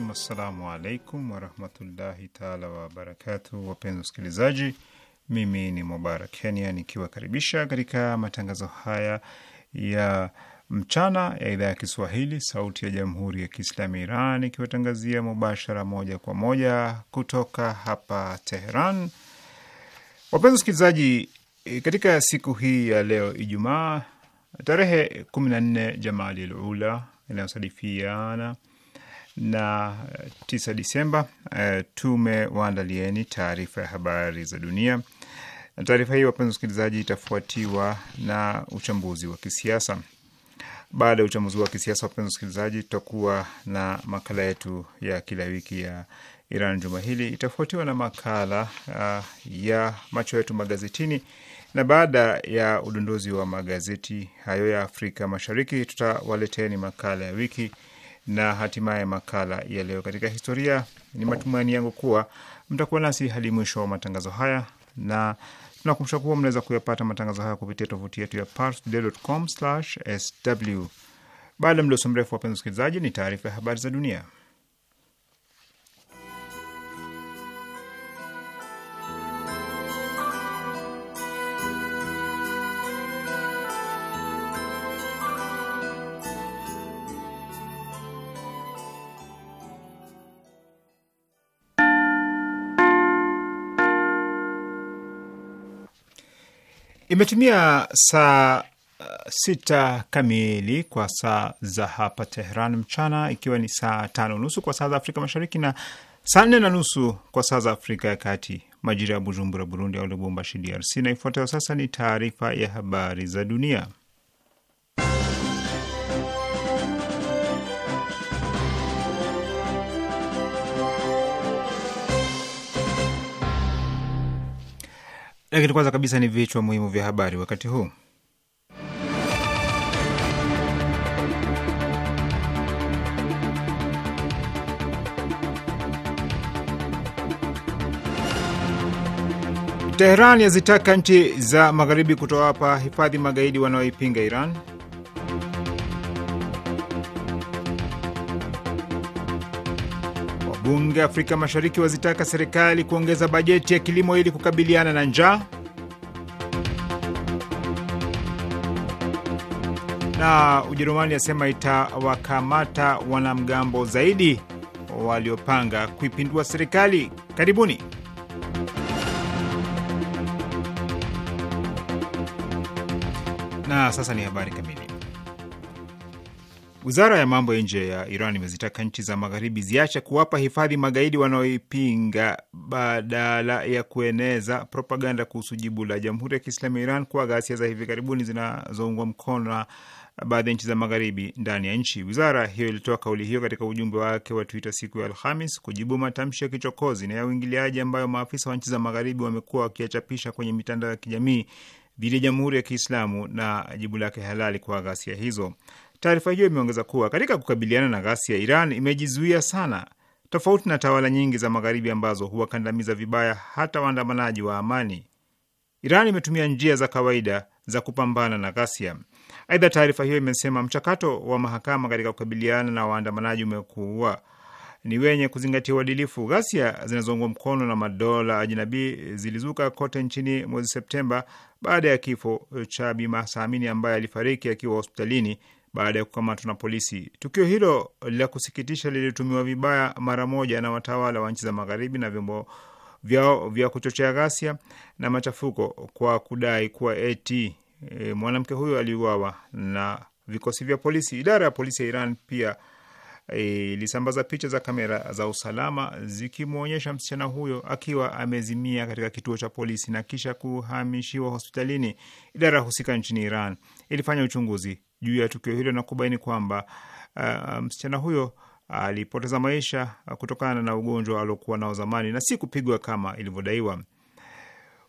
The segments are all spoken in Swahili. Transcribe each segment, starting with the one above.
rahim. Assalamu alaikum warahmatullahi taala wabarakatu. Wapenzi wasikilizaji, mimi ni Mubarak Kenya nikiwakaribisha katika matangazo haya ya mchana ya idhaa ya Kiswahili sauti ya jamhuri ya Kiislamu ya Iran ikiwatangazia mubashara moja kwa moja kutoka hapa Teheran. Wapenzi wasikilizaji, katika siku hii ya leo Ijumaa tarehe 14 Jamadi Lula inayosadifiana na 9 eh, Disemba, uh, tumewaandalieni taarifa ya habari za dunia. Taarifa hii, wapenzi wasikilizaji, itafuatiwa na uchambuzi wa kisiasa. Baada ya uchambuzi wa kisiasa, wapenzi wasikilizaji, tutakuwa na makala yetu ya kila wiki ya Iran juma hili, itafuatiwa na makala uh, ya macho yetu magazetini, na baada ya udondozi wa magazeti hayo ya Afrika Mashariki, tutawaleteni makala ya wiki na hatimaye makala ya leo katika historia. Ni matumaini yangu kuwa mtakuwa nasi hadi mwisho wa matangazo haya, na tunakumbusha kuwa mnaweza kuyapata matangazo haya kupitia tovuti yetu ya parstoday.com/sw. Baada ya mdoso mrefu, wapenzi wasikilizaji, ni taarifa ya habari za dunia. imetumia saa uh, sita kamili kwa saa za hapa teheran mchana, ikiwa ni saa tano nusu kwa saa za Afrika Mashariki na saa nne na nusu kwa saa za Afrika ya Kati, majira ya Bujumbura Burundi au Lubumbashi DRC. Na ifuatayo sasa ni taarifa ya habari za dunia. Lakini kwanza kabisa ni vichwa muhimu vya habari wakati huu. Teheran yazitaka nchi za magharibi kutowapa hifadhi magaidi wanaoipinga Iran. bunge Afrika Mashariki wazitaka serikali kuongeza bajeti ya kilimo ili kukabiliana na njaa. Na Ujerumani yasema itawakamata wanamgambo zaidi waliopanga kuipindua serikali. Karibuni. Na sasa ni habari kamili. Wizara ya mambo ya nje ya Iran imezitaka nchi za magharibi ziache kuwapa hifadhi magaidi wanaoipinga badala ya kueneza propaganda kuhusu jibu la Jamhuri ya Kiislamu ya Iran kwa ghasia za hivi karibuni zinazoungwa mkono na baadhi ya nchi za magharibi ndani ya nchi. Wizara hiyo ilitoa kauli hiyo katika ujumbe wake wa Twitter siku ya Alhamis kujibu matamshi ya kichokozi na ya uingiliaji ambayo maafisa wa nchi za magharibi wamekuwa wakiyachapisha kwenye mitandao ya kijamii dhidi ya Jamhuri ya Kiislamu na jibu lake halali kwa ghasia hizo. Taarifa hiyo imeongeza kuwa katika kukabiliana na ghasia, Iran imejizuia sana, tofauti na tawala nyingi za Magharibi ambazo huwakandamiza vibaya hata waandamanaji wa amani. Iran imetumia njia za kawaida za kupambana na ghasia. Aidha, taarifa hiyo imesema mchakato wa mahakama katika kukabiliana na waandamanaji umekuwa ni wenye kuzingatia uadilifu. Ghasia zinazoungwa mkono na madola ajinabii zilizuka kote nchini mwezi Septemba baada ya kifo cha Bimasamini ambaye alifariki akiwa hospitalini baada ya kukamatwa na polisi. Tukio hilo la kusikitisha lilitumiwa vibaya mara moja na watawala wa nchi za Magharibi na vyombo vyao vya kuchochea ghasia na machafuko kwa kudai kuwa eti e, mwanamke huyo aliuawa na vikosi vya polisi. Idara ya polisi ya Iran pia e, ilisambaza e, picha za kamera za usalama zikimwonyesha msichana huyo akiwa amezimia katika kituo cha polisi na kisha kuhamishiwa hospitalini. Idara husika nchini Iran ilifanya uchunguzi juu ya tukio hilo na kubaini kwamba uh, msichana huyo alipoteza uh, maisha uh, kutokana na ugonjwa aliokuwa nao zamani na si kupigwa kama ilivyodaiwa.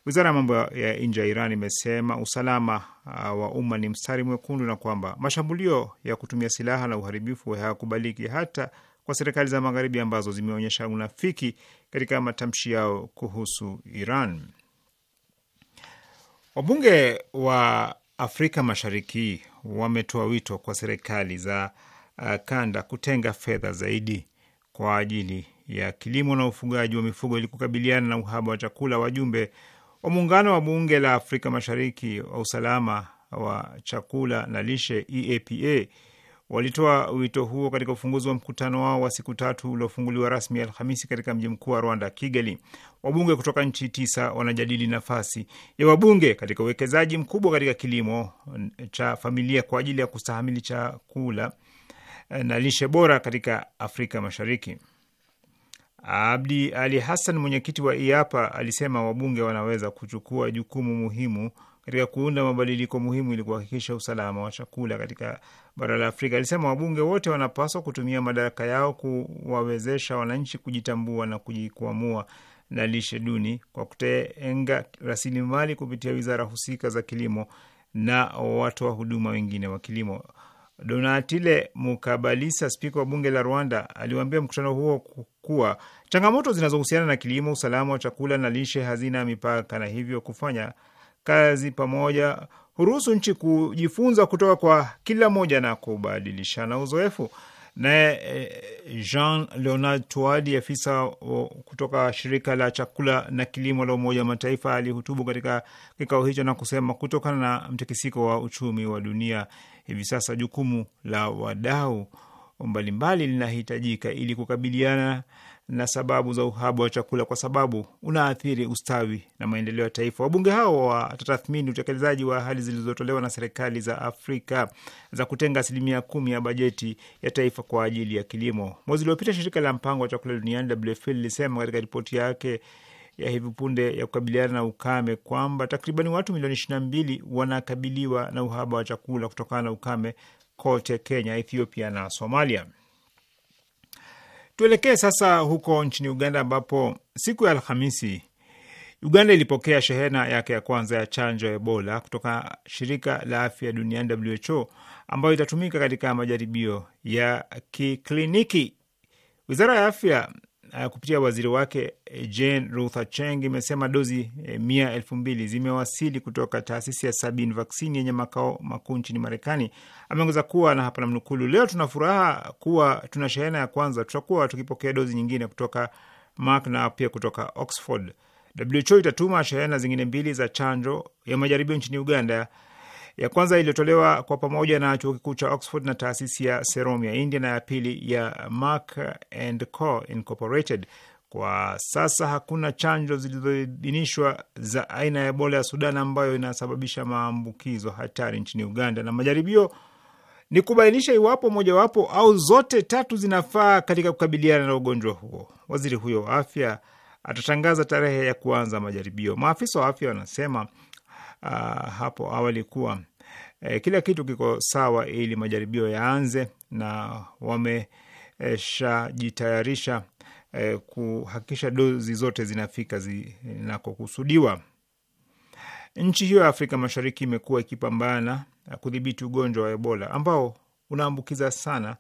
Wizara ya mambo ya nje ya Iran imesema usalama uh, wa umma ni mstari mwekundu na kwamba mashambulio ya kutumia silaha na uharibifu hayakubaliki hata kwa serikali za Magharibi ambazo zimeonyesha unafiki katika matamshi yao kuhusu Iran. Wabunge wa Afrika Mashariki wametoa wito kwa serikali za uh, kanda kutenga fedha zaidi kwa ajili ya kilimo na ufugaji wa mifugo ili kukabiliana na uhaba wa chakula. Wajumbe wa muungano wa bunge la Afrika Mashariki wa usalama wa chakula na lishe EAPA walitoa wito huo katika ufunguzi wa mkutano wao wa siku tatu uliofunguliwa rasmi Alhamisi katika mji mkuu wa Rwanda, Kigali. Wabunge kutoka nchi tisa wanajadili nafasi ya wabunge katika uwekezaji mkubwa katika kilimo cha familia kwa ajili ya kustahamili chakula eh, na lishe bora katika Afrika Mashariki. Abdi Ali Hassan, mwenyekiti wa IAPA, alisema wabunge wanaweza kuchukua jukumu muhimu katika kuunda mabadiliko muhimu ili kuhakikisha usalama wa chakula katika bara la Afrika. Alisema wabunge wote wanapaswa kutumia madaraka yao kuwawezesha wananchi kujitambua na kujikwamua na lishe duni kwa kutenga rasilimali kupitia wizara husika za kilimo na watoa huduma wengine wa kilimo. Donatile Mukabalisa, spika wa bunge la Rwanda, aliwaambia mkutano huo kuwa changamoto zinazohusiana na kilimo, usalama wa chakula na lishe hazina mipaka na hivyo kufanya kazi pamoja huruhusu nchi kujifunza kutoka kwa kila moja na kubadilishana uzoefu. Naye eh, Jean Leonard Tuadi, afisa kutoka shirika la chakula na kilimo la Umoja wa Mataifa, alihutubu katika kikao hicho na kusema kutokana na mtikisiko wa uchumi wa dunia hivi sasa, jukumu la wadau mbalimbali linahitajika ili kukabiliana na sababu za uhaba wa chakula kwa sababu unaathiri ustawi na maendeleo ya taifa. Wabunge hao watatathmini utekelezaji wa ahadi zilizotolewa na serikali za Afrika za kutenga asilimia kumi ya bajeti ya taifa kwa ajili ya kilimo. Mwezi uliopita shirika la mpango wa chakula duniani WFP lilisema katika ripoti yake ya hivi punde ya kukabiliana na ukame kwamba takribani watu milioni ishirini na mbili wanakabiliwa na uhaba wa chakula kutokana na ukame kote Kenya, Ethiopia na Somalia. Tuelekee sasa huko nchini Uganda ambapo siku ya Alhamisi Uganda ilipokea shehena yake ya kwanza ya chanjo ya Ebola kutoka shirika la afya duniani WHO, ambayo itatumika katika majaribio ya kikliniki. Wizara ya afya uh, kupitia waziri wake eh, Jane Ruther cheng imesema dozi eh, mia elfu mbili zimewasili kutoka taasisi ya Sabin vaksini yenye makao makuu nchini Marekani. Ameongeza kuwa na hapa namnukulu, leo tuna furaha kuwa tuna shehena ya kwanza, tutakuwa tukipokea dozi nyingine kutoka mak na pia kutoka Oxford. WHO itatuma shehena zingine mbili za chanjo ya majaribio nchini Uganda ya kwanza iliyotolewa kwa pamoja na chuo kikuu cha Oxford na taasisi ya Serum ya India na ya pili ya Merck and Co Incorporated. Kwa sasa hakuna chanjo zilizoidhinishwa za aina ya Ebola ya Sudan ambayo inasababisha maambukizo hatari nchini Uganda, na majaribio ni kubainisha iwapo mojawapo au zote tatu zinafaa katika kukabiliana na ugonjwa huo. Waziri huyo wa afya atatangaza tarehe ya kuanza majaribio. Maafisa wa afya wanasema Ah, hapo awali kuwa eh, kila kitu kiko sawa ili majaribio yaanze na wameshajitayarisha eh, kuhakikisha dozi zote zinafika zinakokusudiwa. Nchi hiyo ya Afrika Mashariki imekuwa ikipambana kudhibiti ugonjwa wa Ebola ambao unaambukiza sana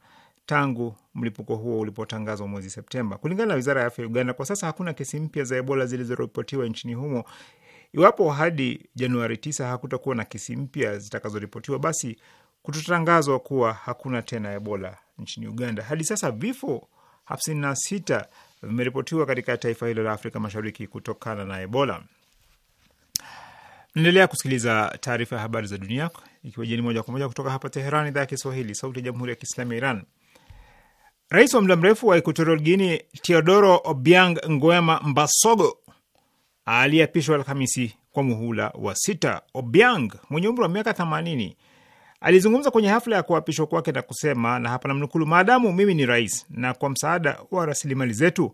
tangu mlipuko huo ulipotangazwa mwezi Septemba. Kulingana na wizara ya afya ya Uganda, kwa sasa hakuna kesi mpya za Ebola zilizoripotiwa nchini humo, Iwapo hadi Januari 9 hakutakuwa na kesi mpya zitakazoripotiwa, basi kutatangazwa kuwa hakuna tena Ebola nchini Uganda. Hadi sasa vifo 56 vimeripotiwa katika taifa hilo la Afrika Mashariki kutokana na Ebola. Naendelea kusikiliza taarifa ya habari za dunia ikiwa jeni moja kwa moja kutoka hapa Teheran, idhaa ya Kiswahili, sauti ya jamhuri ya kiislamu ya Iran. Rais wa muda mrefu wa Equatorial Guinea Teodoro Obiang Nguema Mbasogo aliyeapishwa Alhamisi kwa muhula wa sita. Obiang mwenye umri wa miaka themanini alizungumza kwenye hafla ya kuapishwa kwake na kusema, na hapa namnukulu: maadamu mimi ni rais na kwa msaada wa rasilimali zetu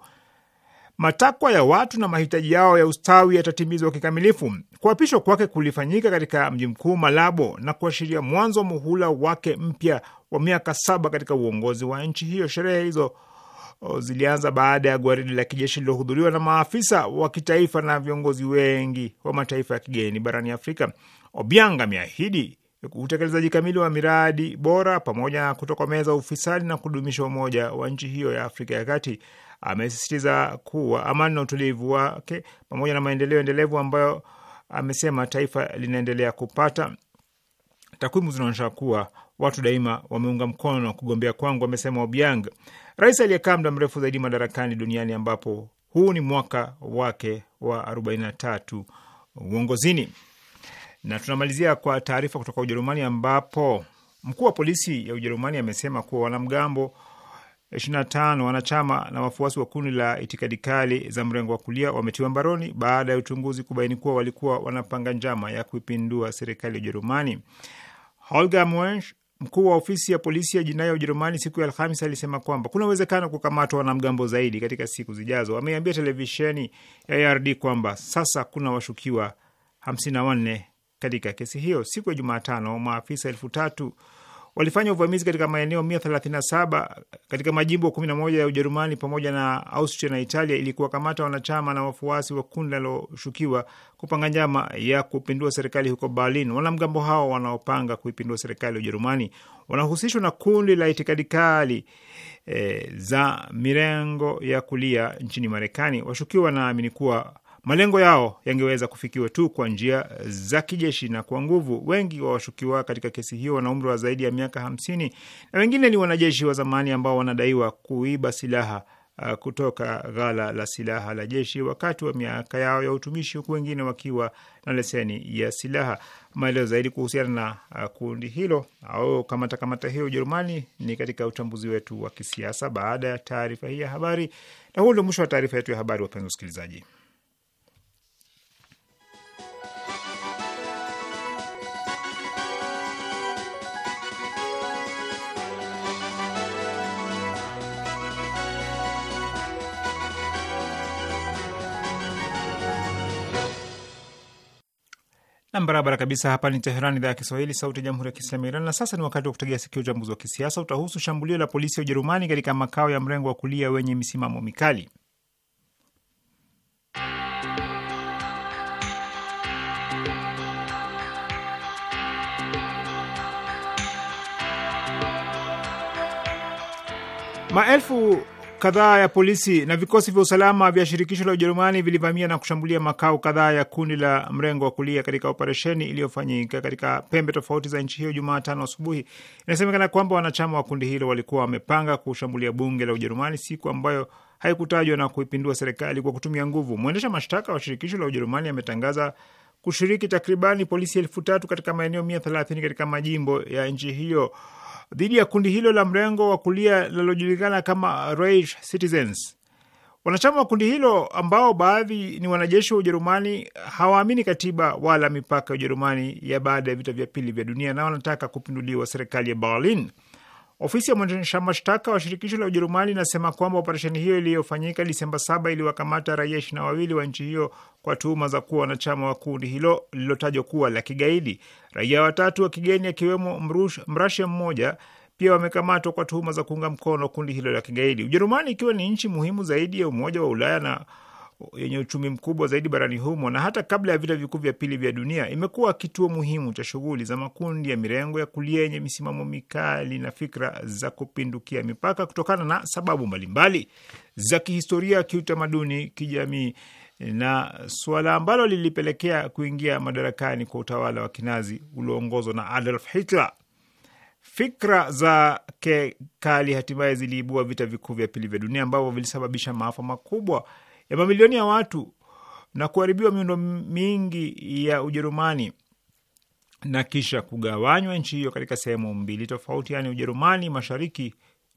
matakwa ya watu na mahitaji yao ya ustawi yatatimizwa kikamilifu. Kuapishwa kwake kulifanyika katika mji mkuu Malabo na kuashiria mwanzo wa muhula wake mpya wa miaka saba katika uongozi wa nchi hiyo. Sherehe hizo zilianza baada ya gwaridi la kijeshi lililohudhuriwa na maafisa wa kitaifa na viongozi wengi wa mataifa ya kigeni barani Afrika. Obiang ameahidi utekelezaji kamili wa miradi bora pamoja na kutokomeza ufisadi na kudumisha umoja wa nchi hiyo ya Afrika ya Kati. Amesisitiza kuwa amani na utulivu wake pamoja na maendeleo endelevu ambayo amesema taifa linaendelea kupata. Takwimu zinaonyesha kuwa watu daima wameunga mkono kugombea kwangu, amesema Obiang rais aliyekaa muda mrefu zaidi madarakani duniani ambapo huu ni mwaka wake wa 43 uongozini. Na tunamalizia kwa taarifa kutoka Ujerumani ambapo mkuu wa polisi ya Ujerumani amesema kuwa wanamgambo 25 wanachama na wafuasi wa kundi la itikadi kali za mrengo wa kulia wametiwa mbaroni baada ya uchunguzi kubaini kuwa walikuwa wanapanga njama ya kuipindua serikali ya Ujerumani. Holger Mkuu wa ofisi ya polisi ya jinai ya Ujerumani siku ya Alhamis alisema kwamba kuna uwezekano kukamatwa wanamgambo zaidi katika siku zijazo. ameambia televisheni ya ARD kwamba sasa kuna washukiwa 54 katika kesi hiyo. Siku ya Jumatano, maafisa elfu tatu walifanya uvamizi katika maeneo 137 katika majimbo 11 ya Ujerumani pamoja na Austria na Italia ili kuwakamata wanachama na wafuasi wa kundi linaloshukiwa kupanga njama ya kupindua serikali huko Berlin. Wanamgambo hao wanaopanga kuipindua serikali ya Ujerumani wanahusishwa na kundi la itikadi kali e, za mirengo ya kulia nchini Marekani. Washukiwa wanaamini kuwa Malengo yao yangeweza kufikiwa tu kwa njia za kijeshi na kwa nguvu. Wengi wa washukiwa katika kesi hiyo wana umri wa zaidi ya miaka hamsini na wengine ni wanajeshi wa zamani ambao wanadaiwa kuiba silaha uh, kutoka ghala la silaha la jeshi wakati wa miaka yao ya utumishi, huku wengine wakiwa na leseni ya silaha. Maelezo zaidi kuhusiana na uh, kundi hilo au kamata kamata hiyo Ujerumani ni katika uchambuzi wetu wa kisiasa baada ya taarifa hii ya habari, na huu ndio mwisho wa taarifa yetu ya habari. Wapenzi wasikilizaji Barabara kabisa. Hapa ni Teheran, idhaa ya Kiswahili, sauti ya jamhuri ya kiislamu ya Iran. Na sasa ni wakati wa kutegea sikio. Uchambuzi wa kisiasa utahusu shambulio la polisi ya Ujerumani katika makao ya mrengo wa kulia wenye misimamo mikali. Maelfu kadhaa ya polisi na vikosi vya usalama vya shirikisho la Ujerumani vilivamia na kushambulia makao kadhaa ya kundi la mrengo wa kulia katika operesheni iliyofanyika katika pembe tofauti za nchi hiyo Jumatano asubuhi. Inasemekana kwamba wanachama wa kundi hilo walikuwa wamepanga kushambulia bunge la Ujerumani siku ambayo haikutajwa na kuipindua serikali kwa kutumia nguvu. Mwendesha mashtaka wa shirikisho la Ujerumani ametangaza kushiriki takribani polisi elfu tatu katika maeneo mia thelathini katika majimbo ya nchi hiyo dhidi ya kundi hilo la mrengo wa kulia linalojulikana kama Reich Citizens. Wanachama wa kundi hilo ambao baadhi ni wanajeshi wa Ujerumani hawaamini katiba wala mipaka ya Ujerumani ya baada ya vita vya pili vya dunia na wanataka kupinduliwa serikali ya Berlin. Ofisi ya mwendesha mashtaka wa shirikisho la Ujerumani inasema kwamba operesheni hiyo iliyofanyika Disemba saba iliwakamata raia ishirini na wawili wa nchi hiyo kwa tuhuma za kuwa wanachama wa kundi hilo lililotajwa kuwa la kigaidi. Raia watatu wa kigeni akiwemo Mrasia mmoja pia wamekamatwa kwa tuhuma za kuunga mkono kundi hilo la kigaidi. Ujerumani ikiwa ni nchi muhimu zaidi ya Umoja wa Ulaya na yenye uchumi mkubwa zaidi barani humo na hata kabla ya vita vikuu vya pili vya dunia imekuwa kituo muhimu cha shughuli za makundi ya mirengo ya kulia yenye misimamo mikali na fikra za kupindukia mipaka kutokana na sababu mbalimbali za kihistoria, kiutamaduni, kijamii na suala ambalo lilipelekea kuingia madarakani kwa utawala wa kinazi ulioongozwa na Adolf Hitler. Fikra za kekali hatimaye ziliibua vita vikuu vya pili vya dunia ambavyo vilisababisha maafa makubwa ya mamilioni ya watu na kuharibiwa miundo mingi ya Ujerumani na kisha kugawanywa nchi hiyo katika sehemu mbili tofauti, yaani Ujerumani mashariki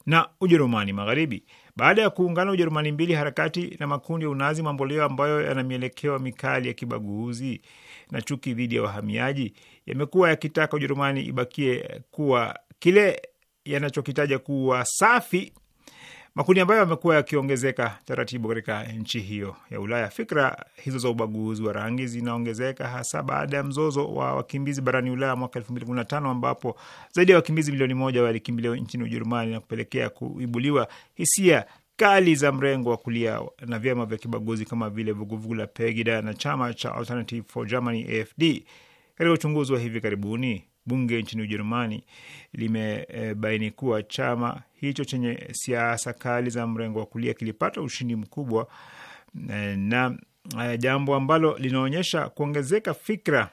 na Ujerumani magharibi. Baada ya kuungana Ujerumani mbili, harakati na makundi ya unazi mamboleo ambayo yana mielekeo mikali ya kibaguzi na chuki dhidi ya wahamiaji yamekuwa yakitaka Ujerumani ibakie kuwa kile yanachokitaja kuwa safi makundi ambayo yamekuwa yakiongezeka taratibu katika nchi hiyo ya Ulaya. Fikra hizo za ubaguzi wa rangi zinaongezeka hasa baada ya mzozo wa wakimbizi barani Ulaya mwaka elfu mbili kumi na tano ambapo zaidi ya wakimbizi milioni moja walikimbilia nchini Ujerumani na kupelekea kuibuliwa hisia kali za mrengo wa kulia na vyama vya kibaguzi kama vile vuguvugu la Pegida na chama cha Alternative for Germany AFD. Katika uchunguzi wa hivi karibuni bunge nchini Ujerumani limebaini kuwa chama hicho chenye siasa kali za mrengo wa kulia kilipata ushindi mkubwa na eh, jambo ambalo linaonyesha kuongezeka fikra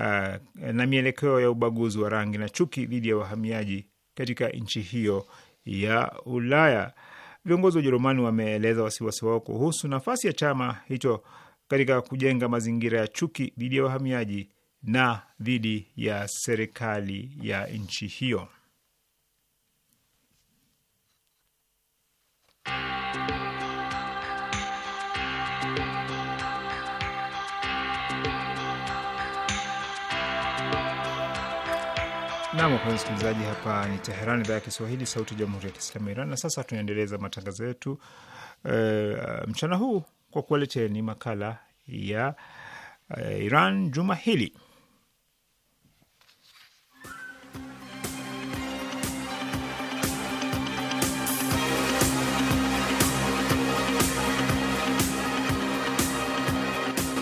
eh, na mielekeo ya ubaguzi wa rangi na chuki dhidi ya wahamiaji katika nchi hiyo ya Ulaya. Viongozi wa Ujerumani wameeleza wasiwasi wao kuhusu nafasi ya chama hicho katika kujenga mazingira ya chuki dhidi ya wahamiaji na dhidi ya serikali ya nchi hiyo. Nam, wapenzi msikilizaji, hapa ni Teheran, idhaa ya Kiswahili, sauti ya jamhuri ya kiislamu ya Iran. Na sasa tunaendeleza matangazo yetu e, mchana huu kwa kuwaleteni makala ya e, Iran juma hili.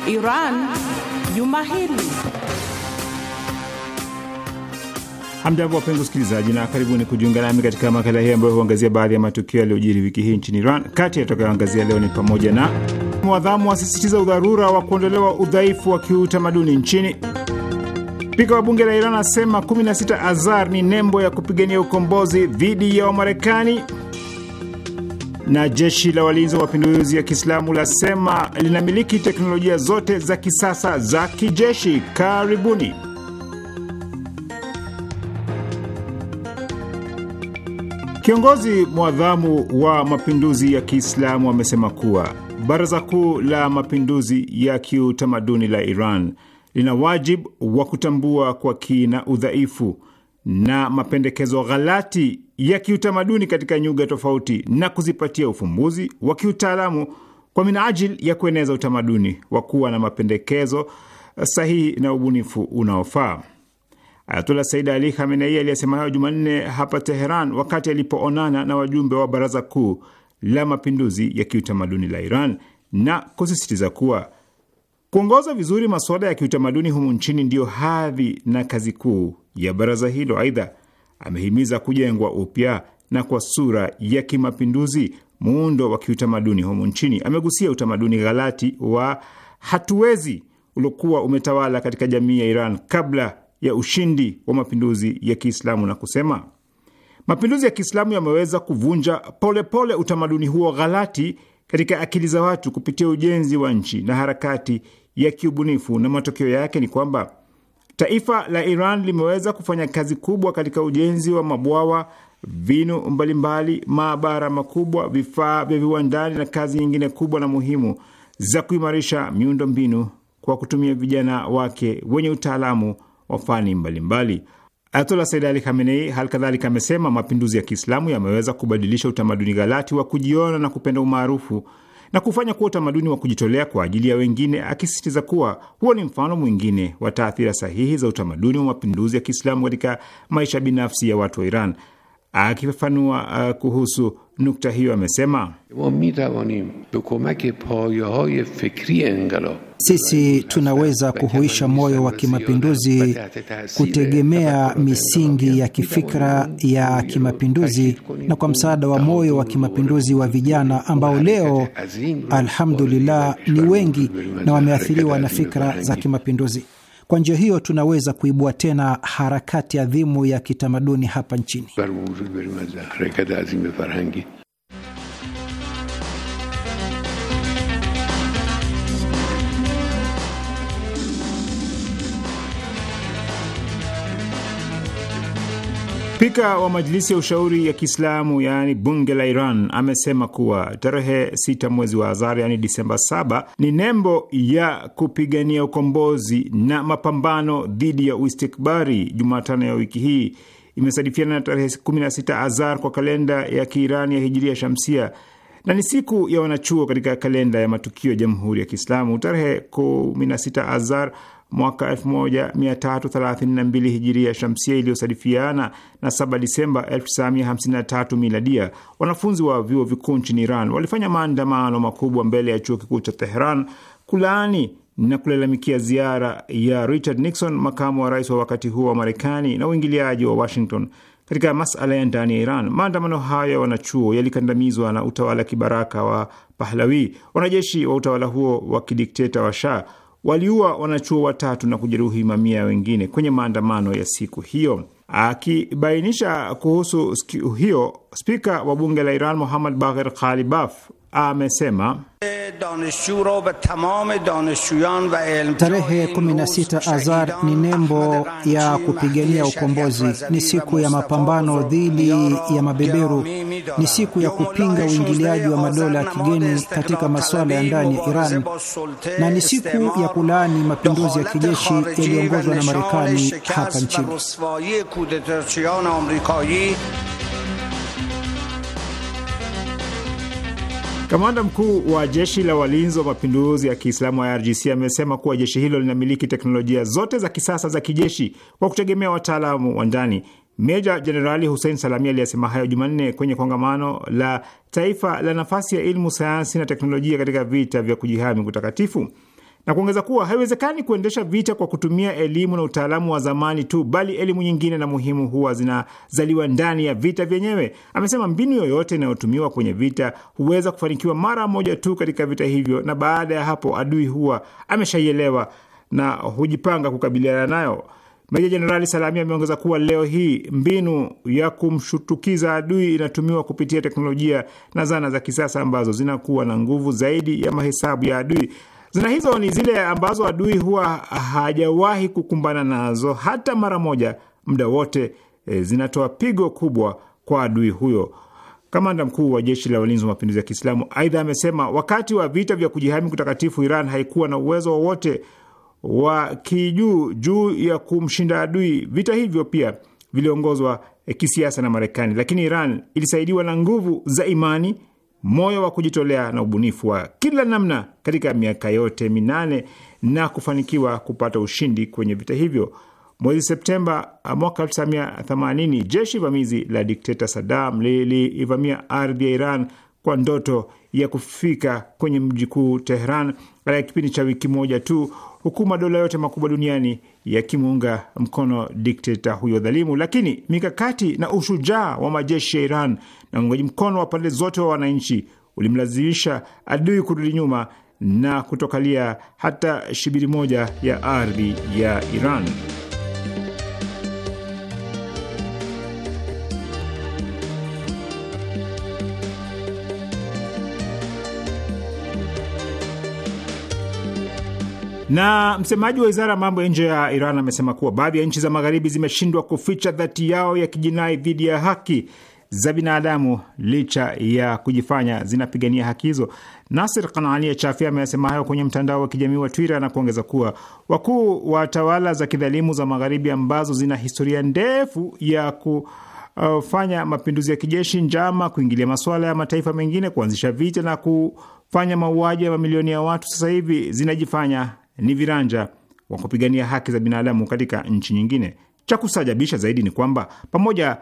Iran juma hili. Hamjambo wapenzi usikilizaji, na karibuni kujiunga nami katika makala hii ambayo huangazia baadhi ya matukio yaliyojiri wiki hii nchini Iran. Kati yatakayoangazia leo ni pamoja na mwadhamu wasisitiza udharura wa kuondolewa udhaifu wa kiutamaduni nchini Spika wa bunge la Iran asema 16 Azar ni nembo ya kupigania ukombozi dhidi ya Wamarekani na jeshi la walinzi wa mapinduzi ya Kiislamu lasema linamiliki teknolojia zote za kisasa za kijeshi. Karibuni. Kiongozi mwadhamu wa mapinduzi ya Kiislamu amesema kuwa Baraza Kuu la Mapinduzi ya Kiutamaduni la Iran lina wajibu wa kutambua kwa kina udhaifu na mapendekezo ghalati ya kiutamaduni katika nyuga tofauti na kuzipatia ufumbuzi wa kiutaalamu kwa minajili ya kueneza utamaduni wa kuwa na mapendekezo sahihi na ubunifu unaofaa. Ayatullah Said Ali Khamenei aliyesema hayo Jumanne hapa Teheran wakati alipoonana na wajumbe wa Baraza Kuu la Mapinduzi ya Kiutamaduni la Iran na kusisitiza kuwa kuongoza vizuri masuala ya kiutamaduni humu nchini ndiyo hadhi na kazi kuu ya baraza hilo. Aidha, amehimiza kujengwa upya na kwa sura ya kimapinduzi muundo wa kiutamaduni humu nchini. Amegusia utamaduni ghalati wa hatuwezi uliokuwa umetawala katika jamii ya Iran kabla ya ushindi wa mapinduzi ya Kiislamu na kusema mapinduzi ya Kiislamu yameweza kuvunja polepole pole utamaduni huo ghalati katika akili za watu kupitia ujenzi wa nchi na harakati ya kiubunifu, na matokeo yake ni kwamba Taifa la Iran limeweza kufanya kazi kubwa katika ujenzi wa mabwawa, vinu mbalimbali, maabara makubwa, vifaa vya viwandani na kazi nyingine kubwa na muhimu za kuimarisha miundo mbinu kwa kutumia vijana wake wenye utaalamu wa fani mbalimbali. Ayatola Said Ali Khamenei hali kadhalika amesema mapinduzi ya Kiislamu yameweza kubadilisha utamaduni ghalati wa kujiona na kupenda umaarufu na kufanya kuwa utamaduni wa kujitolea kwa ajili ya wengine, akisisitiza kuwa huo ni mfano mwingine wa taathira sahihi za utamaduni wa mapinduzi ya Kiislamu katika maisha binafsi ya watu wa Iran. Akifafanua uh, kuhusu nukta hiyo amesema sisi tunaweza kuhuisha moyo wa kimapinduzi kutegemea misingi ya kifikra ya kimapinduzi, na kwa msaada wa moyo wa kimapinduzi wa vijana ambao leo alhamdulillah ni wengi na wameathiriwa na fikra za kimapinduzi. Kwa njia hiyo tunaweza kuibua tena harakati adhimu ya kitamaduni hapa nchini. Spika wa Majlisi ya Ushauri ya Kiislamu yaani bunge la Iran amesema kuwa tarehe 6 mwezi wa Azar yaani Disemba 7 ni nembo ya kupigania ukombozi na mapambano dhidi ya uistikbari. Jumatano ya wiki hii imesadifiana na tarehe 16 Azar kwa kalenda ya Kiirani ya Hijiria Shamsia na ni siku ya wanachuo katika kalenda ya matukio ya Jamhuri ya Kiislamu. Tarehe 16 Azar mwaka 1332 hijiria shamsia iliyosadifiana na 7 Disemba 1953 miladia, wanafunzi wa vyuo vikuu nchini Iran walifanya maandamano makubwa mbele ya chuo kikuu cha Teheran kulaani na kulalamikia ziara ya Richard Nixon, makamu wa rais wa wakati huo wa Marekani, na uingiliaji wa Washington katika masala ya ndani ya Iran. Maandamano hayo ya wanachuo yalikandamizwa na utawala kibaraka wa Pahlawi. Wanajeshi wa utawala huo wa kidikteta wa Shah waliua wanachuo watatu na kujeruhi mamia wengine kwenye maandamano ya siku hiyo. Akibainisha kuhusu siku hiyo, Spika wa bunge la Iran Muhammad Bagher Ghalibaf amesema tarehe 16 Azar ni nembo ya kupigania ukombozi, ni siku ya mapambano dhidi ya mabeberu, ni siku ya kupinga uingiliaji wa madola ya kigeni katika masuala ya ndani ya Iran, na ni siku ya kulaani mapinduzi ya kijeshi yaliyoongozwa na Marekani hapa nchini. Kamanda mkuu wa jeshi la walinzi wa mapinduzi ya Kiislamu IRGC amesema kuwa jeshi hilo linamiliki teknolojia zote za kisasa za kijeshi kwa kutegemea wataalamu wa ndani. Meja Jenerali Hussein Salami aliyesema hayo Jumanne kwenye kongamano la taifa la nafasi ya ilmu sayansi na teknolojia katika vita vya kujihami kutakatifu na kuongeza kuwa haiwezekani kuendesha vita kwa kutumia elimu na utaalamu wa zamani tu, bali elimu nyingine na muhimu huwa zinazaliwa ndani ya vita vyenyewe. Amesema mbinu yoyote inayotumiwa kwenye vita huweza kufanikiwa mara moja tu katika vita hivyo, na baada ya hapo adui huwa ameshaielewa na hujipanga kukabiliana nayo. Meja Jenerali Salami ameongeza kuwa leo hii mbinu ya kumshutukiza adui inatumiwa kupitia teknolojia na zana za kisasa ambazo zinakuwa na nguvu zaidi ya mahesabu ya adui. Zana hizo ni zile ambazo adui huwa hajawahi kukumbana nazo hata mara moja. Muda wote e, zinatoa pigo kubwa kwa adui huyo. Kamanda mkuu wa jeshi la walinzi wa mapinduzi ya Kiislamu aidha amesema wakati wa vita vya kujihami kutakatifu, Iran haikuwa na uwezo wowote wa kijuu juu ya kumshinda adui. Vita hivyo pia viliongozwa e, kisiasa na Marekani, lakini Iran ilisaidiwa na nguvu za imani moyo wa kujitolea na ubunifu wa kila namna katika miaka yote minane na kufanikiwa kupata ushindi kwenye vita hivyo. Mwezi Septemba mwaka 1980 jeshi vamizi la dikteta Saddam liliivamia ardhi ya Iran kwa ndoto ya kufika kwenye mji kuu Tehran katika eh, kipindi cha wiki moja tu, huku madola yote makubwa duniani yakimuunga mkono dikteta huyo dhalimu. Lakini mikakati na ushujaa wa majeshi ya Iran na uungaji mkono wa pande zote wa wananchi ulimlazimisha adui kurudi nyuma na kutokalia hata shibiri moja ya ardhi ya Iran. Na msemaji wa wizara ya mambo ya nje ya Iran amesema kuwa baadhi ya nchi za magharibi zimeshindwa kuficha dhati yao ya kijinai dhidi ya haki za binadamu licha ya kujifanya zinapigania haki hizo. Nasir Kanaani Chafi amesema hayo kwenye mtandao wa kijamii wa Twitter na kuongeza kuwa wakuu wa tawala za kidhalimu za magharibi ambazo zina historia ndefu ya kufanya mapinduzi ya kijeshi, njama, kuingilia masuala ya mataifa mengine, kuanzisha vita na kufanya mauaji ya mamilioni ya watu, sasa hivi zinajifanya ni viranja wa kupigania haki za binadamu katika nchi nyingine. Cha kusajabisha zaidi ni kwamba pamoja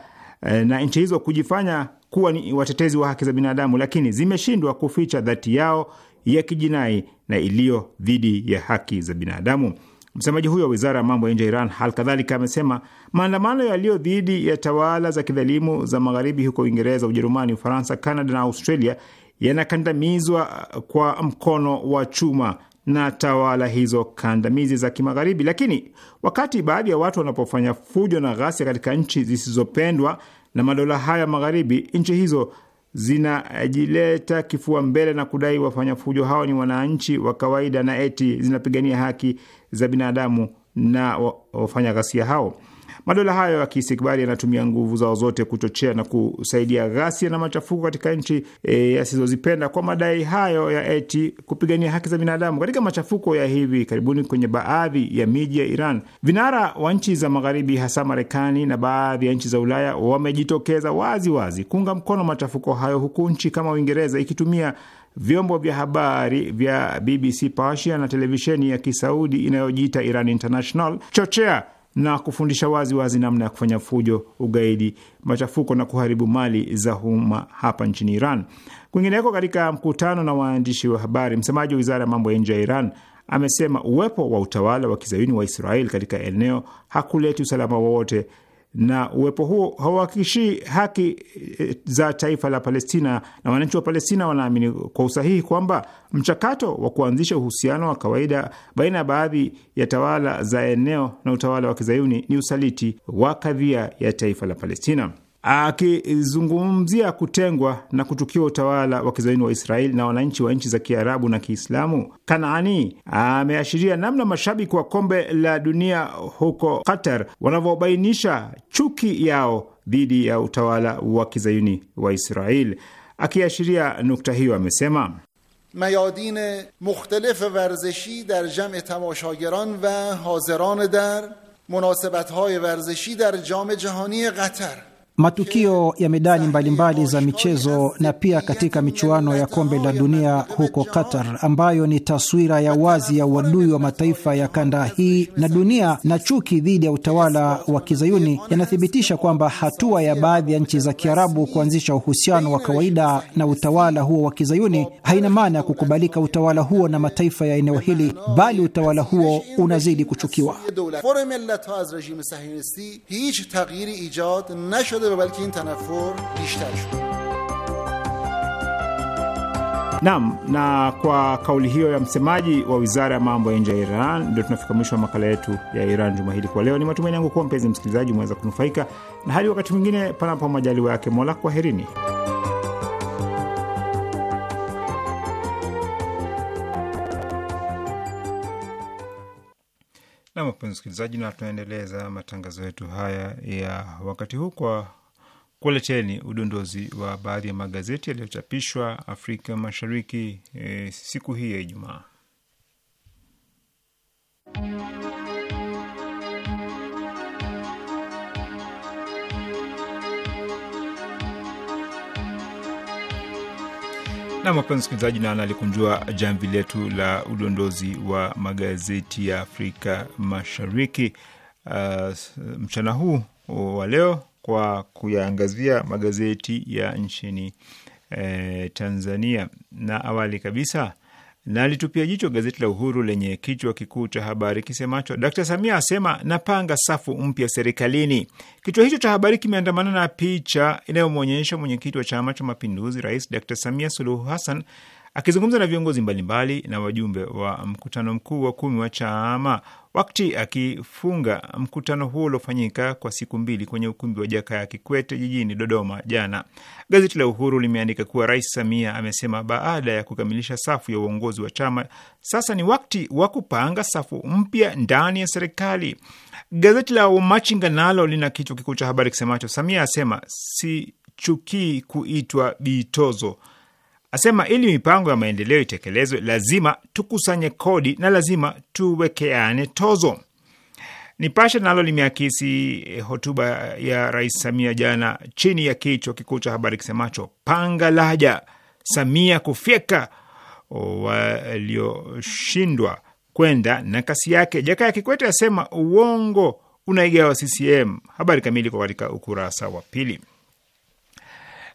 eh, na nchi hizo kujifanya kuwa ni watetezi wa haki za binadamu, lakini zimeshindwa kuficha dhati yao ya kijinai na iliyo dhidi ya haki za binadamu. Msemaji huyo wa wizara ya mambo ya nje ya Iran hal kadhalika amesema maandamano yaliyo dhidi ya tawala za kidhalimu za magharibi huko Uingereza, Ujerumani, Ufaransa, Kanada na Australia yanakandamizwa eh, kwa mkono wa chuma na tawala hizo kandamizi za Kimagharibi. Lakini wakati baadhi ya watu wanapofanya fujo na ghasia katika nchi zisizopendwa na madola haya magharibi, nchi hizo zinajileta kifua mbele na kudai wafanya fujo hao ni wananchi wa kawaida na eti zinapigania haki za binadamu na wafanya ghasia hao. Madola hayo ya kiistikbari yanatumia nguvu zao zote kuchochea na kusaidia ghasia na machafuko katika nchi e, yasizozipenda kwa madai hayo ya eti kupigania haki za binadamu. Katika machafuko ya hivi karibuni kwenye baadhi ya miji ya Iran, vinara wa nchi za magharibi hasa Marekani na baadhi ya nchi za Ulaya wamejitokeza wazi wazi kuunga mkono machafuko hayo, huku nchi kama Uingereza ikitumia vyombo vya habari vya BBC Persia na televisheni ya Kisaudi inayojiita Iran International chochea na kufundisha wazi wazi namna ya kufanya fujo, ugaidi, machafuko na kuharibu mali za umma hapa nchini Iran. Kwingineko, katika mkutano na waandishi wa habari, msemaji wa wizara ya mambo ya nje ya Iran amesema uwepo wa utawala wa kizayuni wa Israel katika eneo hakuleti usalama wowote na uwepo huo hauhakikishi haki e, za taifa la Palestina, na wananchi wa Palestina wanaamini kwa usahihi kwamba mchakato wa kuanzisha uhusiano wa kawaida baina ya baadhi ya tawala za eneo na utawala wa kizayuni ni usaliti wa kadhia ya taifa la Palestina akizungumzia kutengwa na kutukiwa utawala wa kizaini wa Israeli na wananchi wa nchi za Kiarabu na Kiislamu, Kanaani ameashiria namna mashabiki wa kombe la dunia huko Qatar wanavyobainisha chuki yao dhidi ya utawala wa kizayuni wa Israeli. Akiashiria nukta hiyo, amesema mayadin mukhtalif warzishi dar jam tamashagiran va haziran dar munasabathay warzishi dar jam jahani qatar matukio ya medani mbalimbali za michezo na pia katika michuano ya kombe la dunia huko Qatar, ambayo ni taswira ya wazi ya uadui wa mataifa ya kanda hii na dunia na chuki dhidi ya utawala wa kizayuni yanathibitisha kwamba hatua ya baadhi ya nchi za Kiarabu kuanzisha uhusiano wa kawaida na utawala huo wa kizayuni haina maana ya kukubalika utawala huo na mataifa ya eneo hili, bali utawala huo unazidi kuchukiwa. و بلکه این تنفر بیشتر شد Naam, na kwa kauli hiyo ya msemaji wa wizara ya mambo ya nje ya Iran, ndio tunafika mwisho wa makala yetu ya Iran juma hili kwa leo. Ni matumaini yangu kuwa mpenzi msikilizaji umeweza kunufaika, na hadi wakati mwingine, panapo majaliwa yake Mola, kwaherini. Nam, mpenzi msikilizaji, na tunaendeleza matangazo yetu haya ya wakati huu kwa kuleteni udondozi wa baadhi ya magazeti yaliyochapishwa Afrika Mashariki e, siku hii ya Ijumaa. Nam, wapenzi msikilizaji, na nalikunjua jamvi letu la udondozi wa magazeti ya Afrika Mashariki uh, mchana huu wa leo kwa kuyaangazia magazeti ya nchini e, Tanzania. Na awali kabisa nalitupia jicho gazeti la Uhuru lenye kichwa kikuu cha habari kisemacho Dkt Samia asema napanga safu mpya serikalini. Kichwa hicho cha habari kimeandamana na picha inayomwonyesha mwenyekiti wa Chama cha Mapinduzi, Rais Dkt Samia Suluhu Hassan Akizungumza na viongozi mbalimbali na wajumbe wa mkutano mkuu wa kumi wa chama wakati akifunga mkutano huo uliofanyika kwa siku mbili kwenye ukumbi wa Jakaya Kikwete jijini Dodoma jana, gazeti la Uhuru limeandika kuwa Rais Samia amesema baada ya kukamilisha safu ya uongozi wa chama, sasa ni wakati wa kupanga safu mpya ndani ya serikali. Gazeti la Umachinga nalo lina kichwa kikuu cha habari kisemacho, Samia asema sichukii kuitwa bitozo Asema ili mipango ya maendeleo itekelezwe, lazima tukusanye kodi na lazima tuwekeane tozo. Nipashe nalo limeakisi eh, hotuba ya Rais Samia jana chini ya kichwa kikuu cha habari kisemacho panga laja, Samia kufyeka walioshindwa kwenda na kasi yake. Jakaya Kikwete asema uongo unaigawa CCM. Habari kamili kwa katika ukurasa wa pili.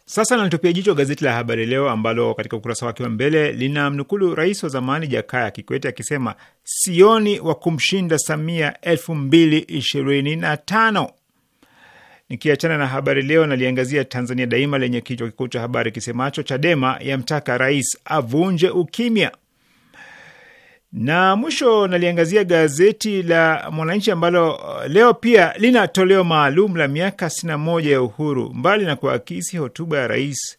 Sasa nalitupia jicho gazeti la Habari Leo ambalo katika ukurasa wake wa mbele lina mnukulu rais wa zamani Jakaya Kikwete akisema sioni wa kumshinda Samia elfu mbili ishirini na tano. Nikiachana na Habari Leo, naliangazia Tanzania Daima lenye kichwa kikuu cha habari kisemacho Chadema yamtaka rais avunje ukimya. Na mwisho naliangazia gazeti la Mwananchi ambalo uh, leo pia lina toleo maalum la miaka 61 moja ya uhuru. Mbali na kuakisi hotuba ya Rais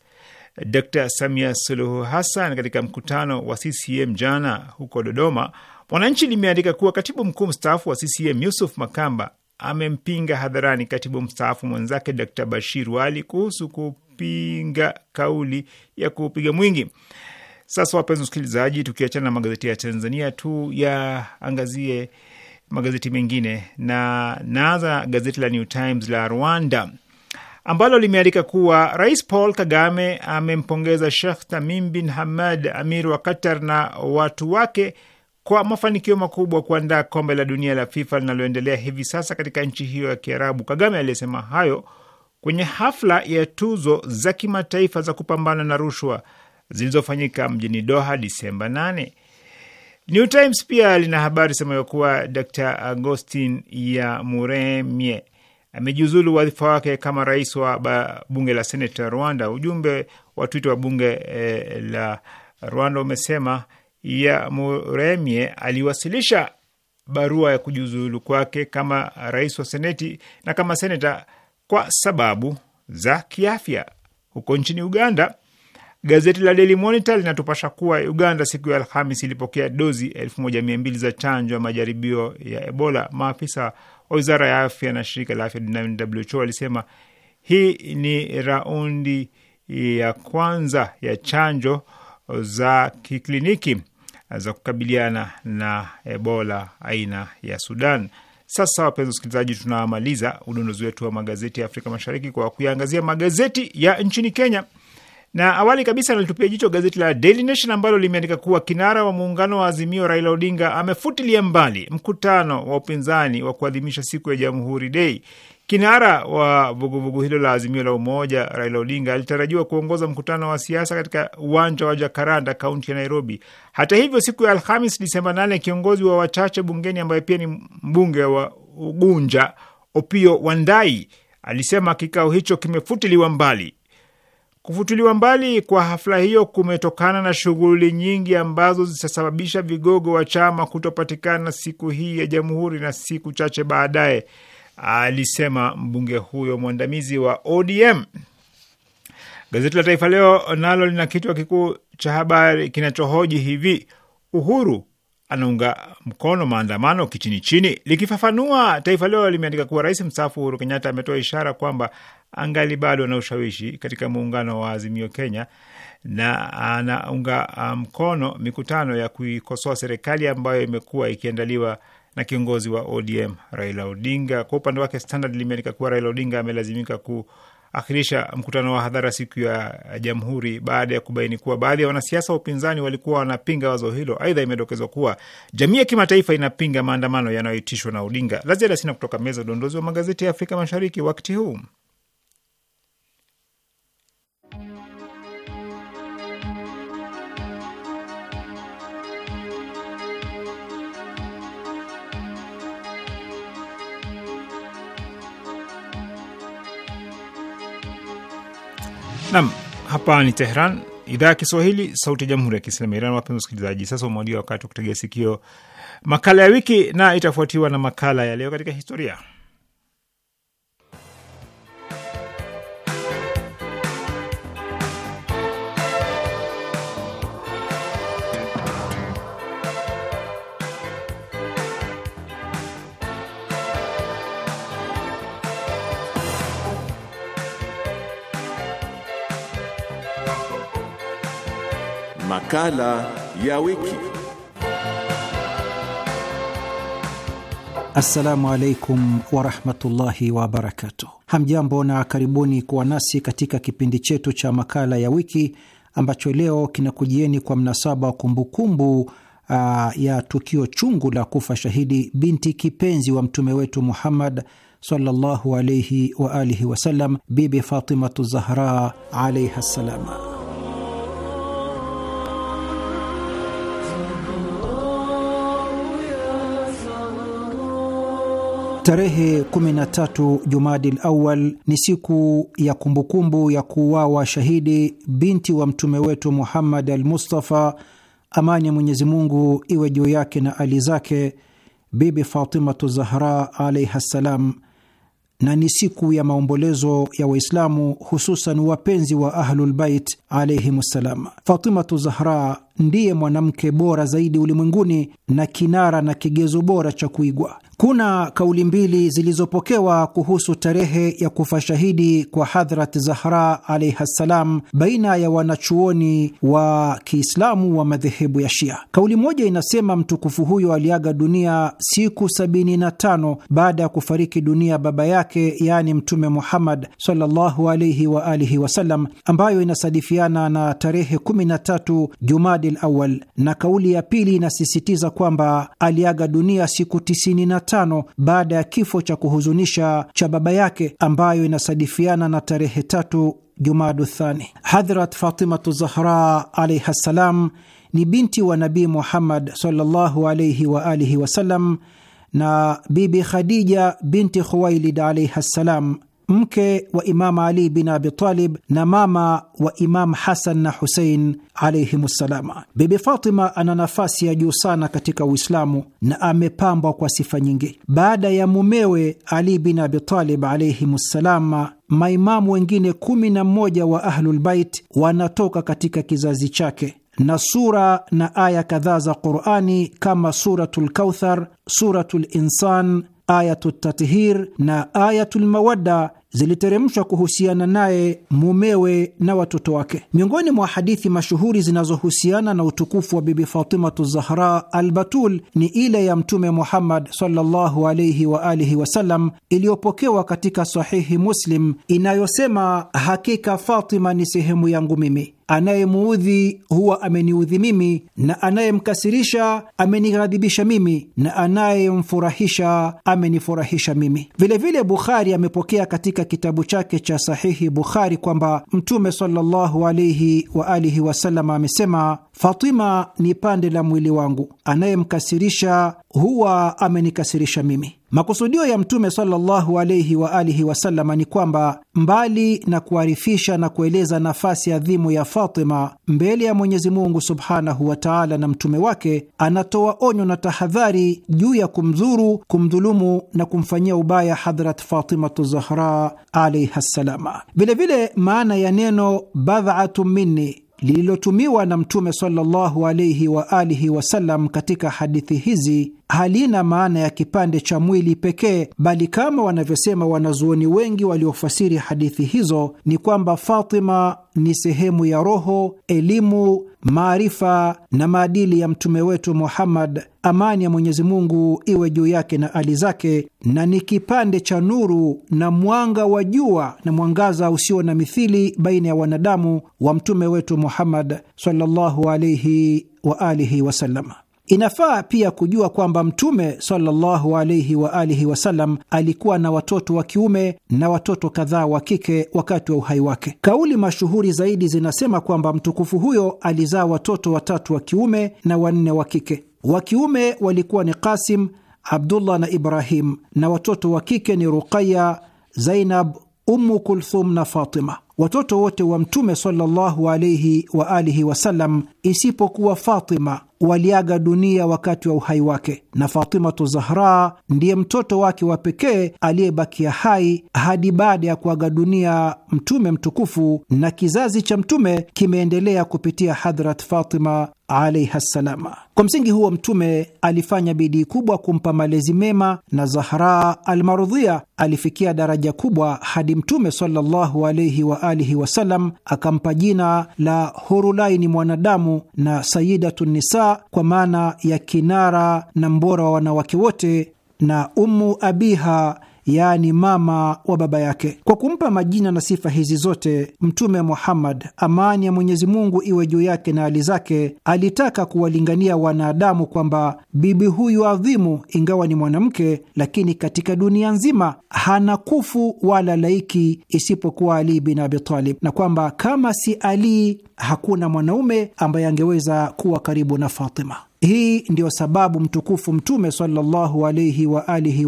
Dr Samia Suluhu Hassan katika mkutano wa CCM jana huko Dodoma, Mwananchi limeandika kuwa katibu mkuu mstaafu wa CCM Yusuf Makamba amempinga hadharani katibu mstaafu mwenzake Dr Bashir Wali kuhusu kupinga kauli ya kupiga mwingi. Sasa wapenzi wasikilizaji, tukiachana na magazeti ya Tanzania tu yaangazie magazeti mengine, na naanza gazeti la New Times la Rwanda ambalo limeandika kuwa Rais Paul Kagame amempongeza shekh Tamim bin Hamad, amir wa Qatar na watu wake kwa mafanikio makubwa kuandaa kombe la dunia la FIFA linaloendelea hivi sasa katika nchi hiyo ya Kiarabu. Kagame aliyesema hayo kwenye hafla ya tuzo za kimataifa za kupambana na rushwa zilizofanyika mjini Doha Disemba 8. New Times pia lina habari semayo kuwa Dr Agostin ya Muremie amejiuzulu wadhifa wake kama rais wa bunge la Senate la Rwanda. Ujumbe wa Twitter wa bunge eh, la Rwanda umesema ya Muremie aliwasilisha barua ya kujiuzulu kwake kama rais wa seneti na kama seneta kwa sababu za kiafya. Huko nchini Uganda, Gazeti la Daily Monitor linatupasha kuwa Uganda siku ya Alhamis ilipokea dozi elfu moja mia mbili za chanjo ya majaribio ya Ebola. Maafisa wa wizara ya afya na shirika la afya duniani WHO walisema hii ni raundi ya kwanza ya chanjo za kikliniki za kukabiliana na Ebola aina ya Sudan. Sasa wapenzi wasikilizaji, tunamaliza udondozi wetu wa magazeti ya Afrika Mashariki kwa kuyaangazia magazeti ya nchini Kenya. Na awali kabisa nalitupia jicho gazeti la Daily Nation ambalo limeandika kuwa kinara wa muungano wa Azimio Raila Odinga amefutilia mbali mkutano wa upinzani wa kuadhimisha siku ya Jamhuri Dei. Kinara wa vuguvugu hilo la Azimio la Umoja, Raila Odinga alitarajiwa kuongoza mkutano wa siasa katika uwanja wa Jakaranda, kaunti ya Nairobi. Hata hivyo, siku ya Alhamis Disemba 8 kiongozi wa wachache bungeni ambaye pia ni mbunge wa Ugunja, Opio Wandai, alisema kikao hicho kimefutiliwa mbali. Kufutuliwa mbali kwa hafla hiyo kumetokana na shughuli nyingi ambazo zitasababisha vigogo wa chama kutopatikana siku hii ya Jamhuri na siku chache baadaye, alisema mbunge huyo mwandamizi wa ODM. Gazeti la Taifa Leo nalo lina kichwa kikuu cha habari kinachohoji hivi: Uhuru anaunga mkono maandamano kichini chini. Likifafanua, Taifa Leo limeandika kuwa rais mstaafu Uhuru Kenyatta ametoa ishara kwamba angali bado na ushawishi katika muungano wa Azimio Kenya na anaunga ah, mkono mikutano ya kuikosoa serikali ambayo imekuwa ikiandaliwa na kiongozi wa ODM Raila Odinga. Kwa upande wake, Standard limeandika kuwa Raila Odinga amelazimika ku akhirisha mkutano wa hadhara siku ya Jamhuri baada ya kubaini kuwa baadhi ya wanasiasa wa upinzani walikuwa wanapinga wazo hilo. Aidha, imedokezwa kuwa jamii ya kimataifa inapinga maandamano yanayoitishwa na Odinga. La ziada sina kutoka meza udondozi wa magazeti ya Afrika Mashariki wakati huu. Nam, hapa ni Tehran, idhaa ya Kiswahili, sauti ya jamhuri ya kiislamu ya Iran. Wapenzi wasikilizaji, sasa umewadia wakati wa kutegea sikio makala ya wiki, na itafuatiwa na makala ya leo katika historia. makala ya wiki. Assalamu alaikum warahmatullahi wabarakatuh. Hamjambo na karibuni kuwa nasi katika kipindi chetu cha makala ya wiki ambacho leo kinakujieni kwa mnasaba wa kumbukumbu uh, ya tukio chungu la kufa shahidi binti kipenzi wa mtume wetu Muhammad sallallahu alaihi wa alihi wasallam, Bibi Fatimatu Zahra alaihi ssalama. Tarehe 13 Jumadil Awal ni siku ya kumbukumbu ya kuuawa shahidi binti wa mtume wetu Muhammad al Mustafa, amani ya Mwenyezi Mungu iwe juu yake na ali zake, Bibi Fatimatu Zahra alaihi ssalam, na ni siku ya maombolezo ya Waislamu, hususan wapenzi wa Ahlulbait alaihim ssalam. Fatimatu Zahra ndiye mwanamke bora zaidi ulimwenguni na kinara na kigezo bora cha kuigwa. Kuna kauli mbili zilizopokewa kuhusu tarehe ya kufa shahidi kwa Hadhrat Zahra alaihi ssalam baina ya wanachuoni wa Kiislamu wa madhehebu ya Shia. Kauli moja inasema mtukufu huyo aliaga dunia siku 75 baada ya kufariki dunia baba yake, yaani Mtume Muhammad sallallahu alaihi wa alihi wasallam, ambayo inasadifiana na tarehe 13 Jumadil Awal, na kauli ya pili inasisitiza kwamba aliaga dunia siku 9 tano baada ya kifo cha kuhuzunisha cha baba yake ambayo inasadifiana na tarehe tatu Jumadu Thani. Hadhrat Fatimatu Zahra alaiha ssalam ni binti wa Nabii Muhammad sallallahu alaihi wa alihi wasallam na Bibi Khadija binti Khuwailid alaiha ssalam mke wa Imamu Ali bin Abi Talib na mama wa Imamu Hasan na Husein alaihimussalama. Bibi Fatima ana nafasi ya juu sana katika Uislamu na amepambwa kwa sifa nyingi. Baada ya mumewe Ali bin Abi Talib maimamu wengine kumi na mmoja wa Ahlulbait wanatoka katika kizazi chake na sura na aya kadhaa za Qurani kama Suratu lkauthar Suratu linsan Ayatu Tathir na Ayatul Mawadda ziliteremshwa kuhusiana naye, mumewe na watoto wake. Miongoni mwa hadithi mashuhuri zinazohusiana na utukufu wa Bibi Fatimatu Zahra al Batul ni ile ya Mtume Muhammad sallallahu alayhi wa alihi wasallam iliyopokewa katika Sahihi Muslim inayosema, hakika Fatima ni sehemu yangu mimi anayemuudhi huwa ameniudhi mimi, na anayemkasirisha amenighadhibisha mimi, na anayemfurahisha amenifurahisha mimi. Vilevile Bukhari amepokea katika kitabu chake cha Sahihi Bukhari kwamba Mtume sallallahu alaihi wasallam amesema, Fatima ni pande la mwili wangu, anayemkasirisha huwa amenikasirisha mimi. Makusudio ya Mtume sallallahu alaihi wa alihi wasallama ni kwamba mbali na kuarifisha na kueleza nafasi adhimu ya Fatima mbele ya Mwenyezi Mungu subhanahu wa taala na mtume wake, anatoa onyo na tahadhari juu ya kumdhuru, kumdhulumu na kumfanyia ubaya Hadhrat Fatimatu Zahra alaihi ssalama. Vilevile maana ya neno badhatu minni lililotumiwa na Mtume sallallahu alaihi wa alihi wasallam katika hadithi hizi halina maana ya kipande cha mwili pekee, bali kama wanavyosema wanazuoni wengi waliofasiri hadithi hizo ni kwamba Fatima ni sehemu ya roho, elimu maarifa na maadili ya mtume wetu Muhammad, amani ya Mwenyezi Mungu iwe juu yake na ali zake, na ni kipande cha nuru na mwanga wa jua na mwangaza usio na mithili baina ya wanadamu wa mtume wetu Muhammad sallallahu alaihi wa alihi Inafaa pia kujua kwamba Mtume sallallahu alaihi wa alihi wasallam alikuwa na watoto wa kiume na watoto kadhaa wa kike wakati wa uhai wake. Kauli mashuhuri zaidi zinasema kwamba mtukufu huyo alizaa watoto watatu wa kiume na wanne wa kike. Wa kiume walikuwa ni kasim Abdullah na Ibrahim, na watoto wa kike ni Ruqaya, Zainab, Ummu Kulthum na Fatima. Watoto wote wa Mtume sallallahu alaihi wa alihi wasallam isipokuwa Fatima waliaga dunia wakati wa uhai wake, na Fatimatu Zahra ndiye mtoto wake wa pekee aliyebakia hai hadi baada ya kuaga dunia Mtume mtukufu, na kizazi cha Mtume kimeendelea kupitia Hadhrat Fatima alaiha ssalama. Kwa msingi huo, Mtume alifanya bidii kubwa kumpa malezi mema, na Zahra Almarudhia alifikia daraja kubwa hadi Mtume sallallahu alaihi wasallam akampa jina la Hurulaini mwanadamu na Sayidatu Nisa kwa maana ya kinara na mbora wa wanawake wote, na Ummu Abiha yaani mama wa baba yake. Kwa kumpa majina na sifa hizi zote, Mtume Muhammad, amani ya Mwenyezi Mungu iwe juu yake na hali zake, alitaka kuwalingania wanadamu kwamba bibi huyu adhimu, ingawa ni mwanamke, lakini katika dunia nzima hana kufu wala laiki isipokuwa Ali bin Abi Talib, na kwamba kama si Ali hakuna mwanaume ambaye angeweza kuwa karibu na Fatima. Hii ndiyo sababu mtukufu Mtume sallallahu alaihi wa alihi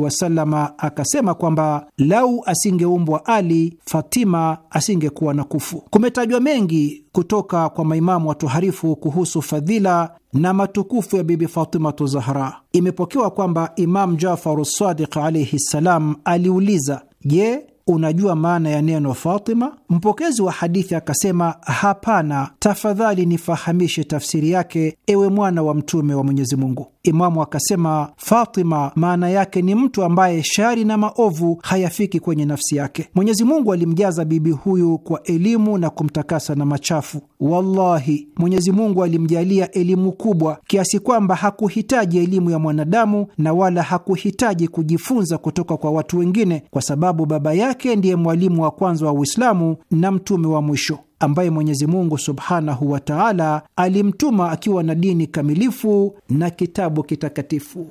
akasema kwamba lau asingeumbwa Ali, Fatima asingekuwa na kufu. Kumetajwa mengi kutoka kwa maimamu watoharifu kuhusu fadhila na matukufu ya Bibi Fatimatu Zahra. Imepokewa kwamba Imamu Jafaru Sadiq alaihi ssalam aliuliza, je, unajua maana ya neno Fatima? Mpokezi wa hadithi akasema, hapana, tafadhali nifahamishe tafsiri yake, ewe mwana wa mtume wa Mwenyezi Mungu. Imamu akasema, Fatima maana yake ni mtu ambaye shari na maovu hayafiki kwenye nafsi yake. Mwenyezi Mungu alimjaza bibi huyu kwa elimu na kumtakasa na machafu. Wallahi, Mwenyezi Mungu alimjalia elimu kubwa kiasi kwamba hakuhitaji elimu ya mwanadamu na wala hakuhitaji kujifunza kutoka kwa watu wengine, kwa sababu baba yake ndiye mwalimu wa kwanza wa Uislamu na mtume wa mwisho ambaye Mwenyezi Mungu subhanahu wa taala alimtuma akiwa na dini kamilifu na kitabu kitakatifu.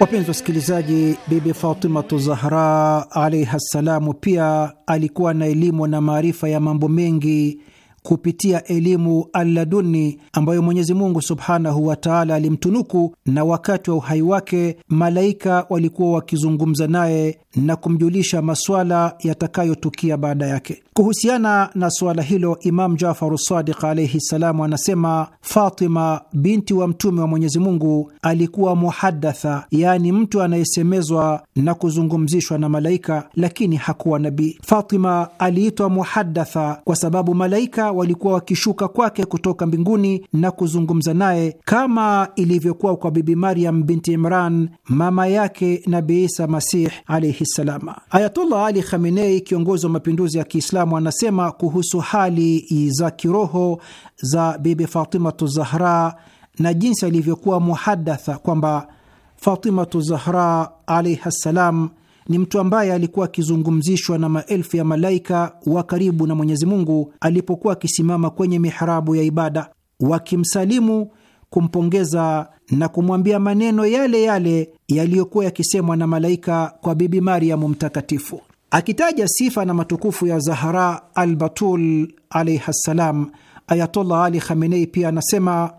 Wapenzi wasikilizaji, Bibi Fatimatu Zahra alaiha ssalamu pia alikuwa na elimu na maarifa ya mambo mengi kupitia elimu alladuni ambayo Mwenyezi Mungu subhanahu wa taala alimtunuku, na wakati wa uhai wake malaika walikuwa wakizungumza naye na kumjulisha maswala yatakayotukia baada yake. Kuhusiana na suala hilo, Imam Jafaru Sadiq alaihi ssalamu anasema Fatima binti wa Mtume wa Mwenyezi Mungu alikuwa muhadatha, yaani mtu anayesemezwa na kuzungumzishwa na malaika, lakini hakuwa nabii. Fatima aliitwa muhadatha kwa sababu malaika walikuwa wakishuka kwake kutoka mbinguni na kuzungumza naye kama ilivyokuwa kwa Bibi Maryam binti Imran, mama yake Nabi Isa Masih alaihi kisalama. Ayatullah Ali Khamenei, kiongozi wa mapinduzi ya Kiislamu, anasema kuhusu hali za kiroho za Bibi Fatimatu Zahra na jinsi alivyokuwa muhadatha kwamba Fatimatu Zahra alaihi ssalam ni mtu ambaye alikuwa akizungumzishwa na maelfu ya malaika wa karibu na Mwenyezi Mungu alipokuwa akisimama kwenye mihrabu ya ibada, wakimsalimu kumpongeza na kumwambia maneno yale yale yaliyokuwa yakisemwa na malaika kwa Bibi Mariamu mtakatifu, akitaja sifa na matukufu ya Zahara al-Batul alaihi ssalam. Ayatollah Ali Khamenei pia anasema,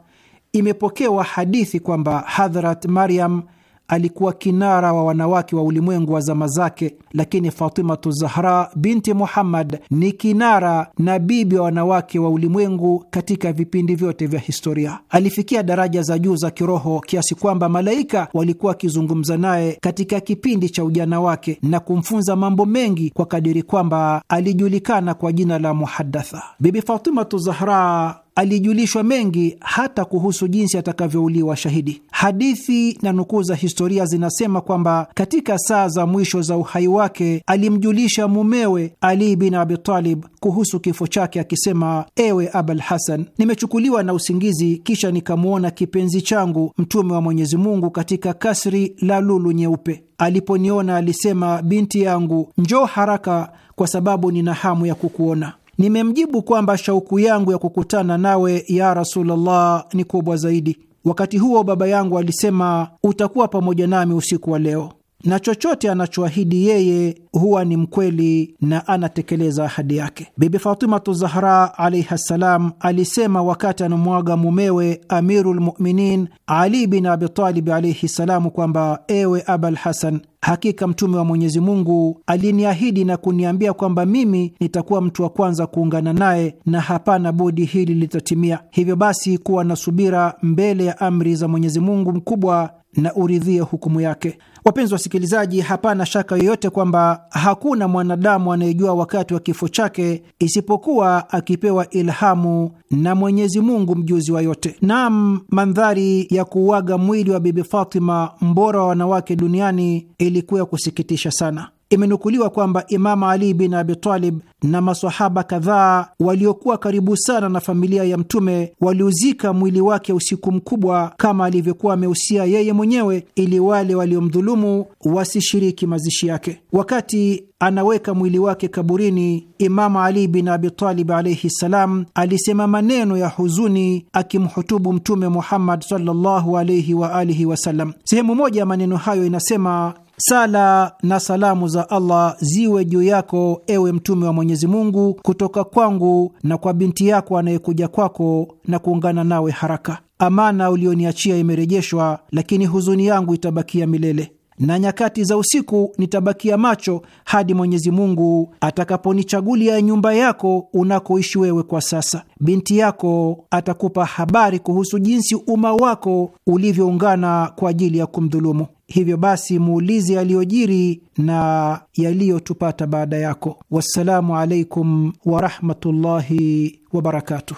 imepokewa hadithi kwamba Hadhrat Mariam alikuwa kinara wa wanawake wa ulimwengu wa zama zake, lakini Fatimatu Zahra binti Muhammad ni kinara na bibi wa wanawake wa ulimwengu katika vipindi vyote vya historia. Alifikia daraja za juu za kiroho kiasi kwamba malaika walikuwa wakizungumza naye katika kipindi cha ujana wake na kumfunza mambo mengi, kwa kadiri kwamba alijulikana kwa jina la Muhadatha. Bibi Fatimatu Zahra alijulishwa mengi hata kuhusu jinsi atakavyouliwa shahidi. Hadithi na nukuu za historia zinasema kwamba katika saa za mwisho za uhai wake alimjulisha mumewe Ali bin abitalib kuhusu kifo chake akisema, ewe Abul Hasan, nimechukuliwa na usingizi, kisha nikamwona kipenzi changu Mtume wa Mwenyezi Mungu katika kasri la lulu nyeupe. Aliponiona alisema, binti yangu, njoo haraka, kwa sababu nina hamu ya kukuona. Nimemjibu kwamba shauku yangu ya kukutana nawe ya Rasulullah ni kubwa zaidi. Wakati huo baba yangu alisema, utakuwa pamoja nami usiku wa leo, na chochote anachoahidi yeye huwa ni mkweli na anatekeleza ahadi yake. Bibi Fatimatu Zahra alaihi ssalam alisema wakati anamwaga mumewe amirulmuminin Ali bin Abitalib alaihi ssalamu kwamba, ewe Abal Hasan, Hakika mtume wa Mwenyezi Mungu aliniahidi na kuniambia kwamba mimi nitakuwa mtu wa kwanza kuungana naye, na hapana budi hili litatimia. Hivyo basi, kuwa na subira mbele ya amri za Mwenyezi Mungu mkubwa na uridhie hukumu yake. Wapenzi wasikilizaji, hapana shaka yoyote kwamba hakuna mwanadamu anayejua wakati wa kifo chake isipokuwa akipewa ilhamu na Mwenyezi Mungu mjuzi wa yote. Naam, mandhari ya kuuaga mwili wa Bibi Fatima, mbora wa wanawake duniani ilikuwa ya kusikitisha sana. Imenukuliwa kwamba Imamu Ali bin Abi Talib na masahaba kadhaa waliokuwa karibu sana na familia ya Mtume waliuzika mwili wake usiku mkubwa kama alivyokuwa ameusia yeye mwenyewe, ili wale waliomdhulumu wasishiriki mazishi yake. Wakati anaweka mwili wake kaburini, Imamu Ali bin Abi Talib alaihi ssalam alisema maneno ya huzuni akimhutubu Mtume Muhammad sallallahu alaihi waalihi wasallam. Sehemu moja ya maneno hayo inasema Sala na salamu za Allah ziwe juu yako, ewe Mtume wa Mwenyezi Mungu, kutoka kwangu na kwa binti yako anayekuja kwako na kuungana nawe haraka. Amana ulioniachia imerejeshwa, lakini huzuni yangu itabakia milele na nyakati za usiku nitabakia macho hadi Mwenyezi Mungu atakaponichagulia nyumba yako unakoishi wewe kwa sasa. Binti yako atakupa habari kuhusu jinsi umma wako ulivyoungana kwa ajili ya kumdhulumu. Hivyo basi muulize yaliyojiri na yaliyotupata baada yako. Wassalamu alaikum warahmatullahi wabarakatuh.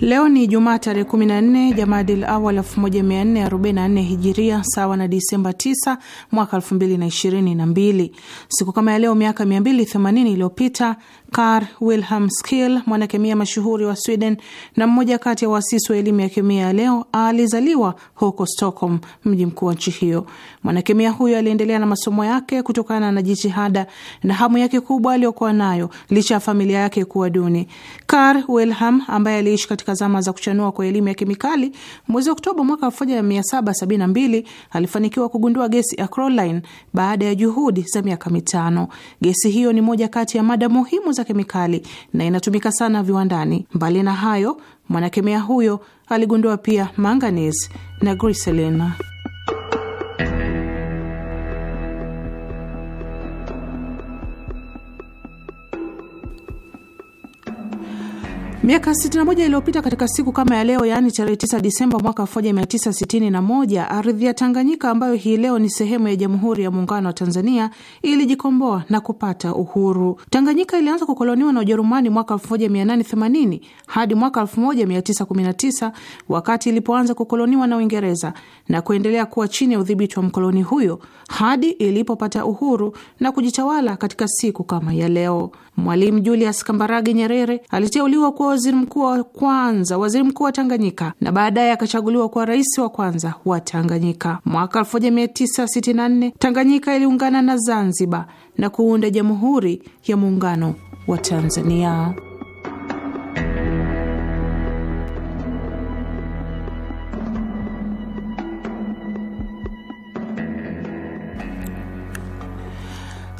Leo ni Jumaa tarehe 14 Jamadil Awal 1444 Hijiria, sawa na Disemba 9 mwaka 2022. Siku kama ya leo miaka 280 iliyopita, Carl Wilhelm Skill, mwanakemia mashuhuri wa Sweden na mmoja kati ya waasisi wa elimu ya kemia ya leo, alizaliwa huko Stockholm, mji mkuu wa nchi hiyo. Mwanakemia huyo aliendelea na masomo yake kutokana na jitihada na hamu yake kubwa aliyokuwa nayo licha ya familia yake kuwa duni. Carl Wilhelm ambaye aliishi katika zama za kuchanua kwa elimu ya kemikali, mwezi Oktoba mwaka 1772 alifanikiwa kugundua gesi ya baada ya juhudi za miaka mitano. Gesi hiyo ni moja kati ya mada muhimu za kemikali na inatumika sana viwandani. Mbali na hayo, mwanakemia huyo aligundua pia manganese na griselina. Miaka 61 iliyopita katika siku kama ya leo, yaani tarehe 9 Disemba mwaka 1961, ardhi ya Tanganyika ambayo hii leo ni sehemu ya Jamhuri ya Muungano wa Tanzania ilijikomboa na kupata uhuru. Tanganyika ilianza kukoloniwa na Ujerumani mwaka 1880 hadi mwaka 1919 wakati ilipoanza kukoloniwa na Uingereza na kuendelea kuwa chini ya udhibiti wa mkoloni huyo hadi ilipopata uhuru na kujitawala katika siku kama ya leo. Mwalimu Julius Kambarage Nyerere aliteuliwa kuwa waziri mkuu wa kwanza, waziri mkuu wa Tanganyika, na baadaye akachaguliwa kuwa rais wa kwanza wa Tanganyika. Mwaka 1964 Tanganyika iliungana na Zanzibar na kuunda Jamhuri ya Muungano wa Tanzania.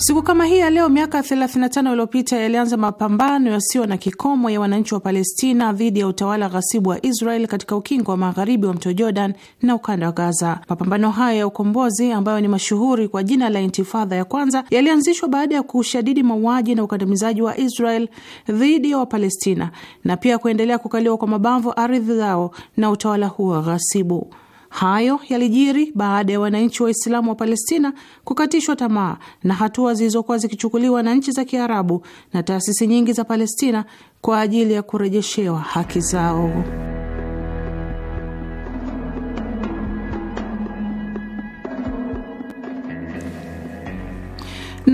Siku kama hii ya leo miaka 35 iliyopita yalianza mapambano yasiyo na kikomo ya wananchi wa Palestina dhidi ya utawala ghasibu wa Israel katika ukingo wa magharibi wa mto Jordan na ukanda wa Gaza. Mapambano hayo ya ukombozi ambayo ni mashuhuri kwa jina la Intifadha ya kwanza yalianzishwa baada ya kushadidi mauaji na ukandamizaji wa Israel dhidi ya Wapalestina na pia kuendelea kukaliwa kwa mabavu ardhi zao na utawala huo ghasibu. Hayo yalijiri baada ya wananchi Waislamu wa Palestina kukatishwa tamaa na hatua zilizokuwa zikichukuliwa na nchi za Kiarabu na taasisi nyingi za Palestina kwa ajili ya kurejeshewa haki zao.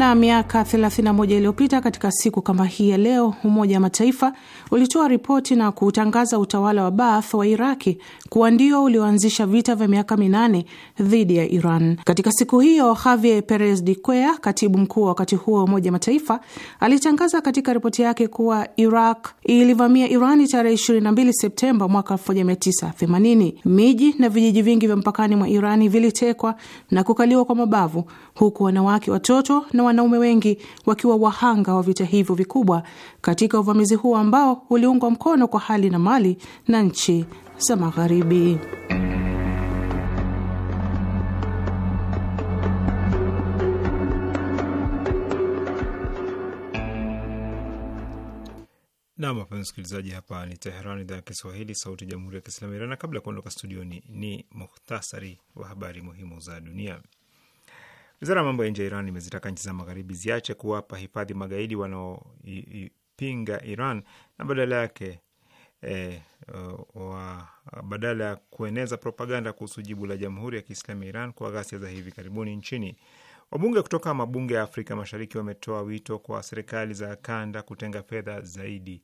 Na miaka 31 iliyopita katika siku kama hii ya leo, Umoja wa Mataifa ulitoa ripoti na kuutangaza utawala wa Baath wa Iraki kuwa ndio ulioanzisha vita vya miaka minane dhidi ya Iran. Katika siku hiyo, Javier Perez de Cuellar, katibu mkuu wa wakati huo wa Umoja wa Mataifa, alitangaza katika ripoti yake kuwa Iraq ilivamia Irani tarehe 22 Septemba mwaka 1980. Miji na vijiji vingi vya mpakani mwa Irani vilitekwa na kukaliwa kwa mabavu, huku wanawake, watoto na wanaume wengi wakiwa wahanga wa vita hivyo vikubwa katika uvamizi huo ambao uliungwa mkono kwa hali na mali na nchi za Magharibi. Nam, wapenzi msikilizaji, hapa ni Teheran, idhaa ya Kiswahili, sauti ya jamhuri ya kiislamu Iran. Na kabla ya kuondoka studioni, ni muhtasari wa habari muhimu za dunia. Wizara ya mambo ya nje ya Iran imezitaka nchi za magharibi ziache kuwapa hifadhi magaidi wanaoipinga Iran na badala yake E, wa, badala ya kueneza propaganda kuhusu jibu la Jamhuri ya Kiislamu ya Iran kwa ghasia za hivi karibuni nchini. Wabunge kutoka mabunge ya Afrika Mashariki wametoa wito kwa serikali za kanda kutenga fedha zaidi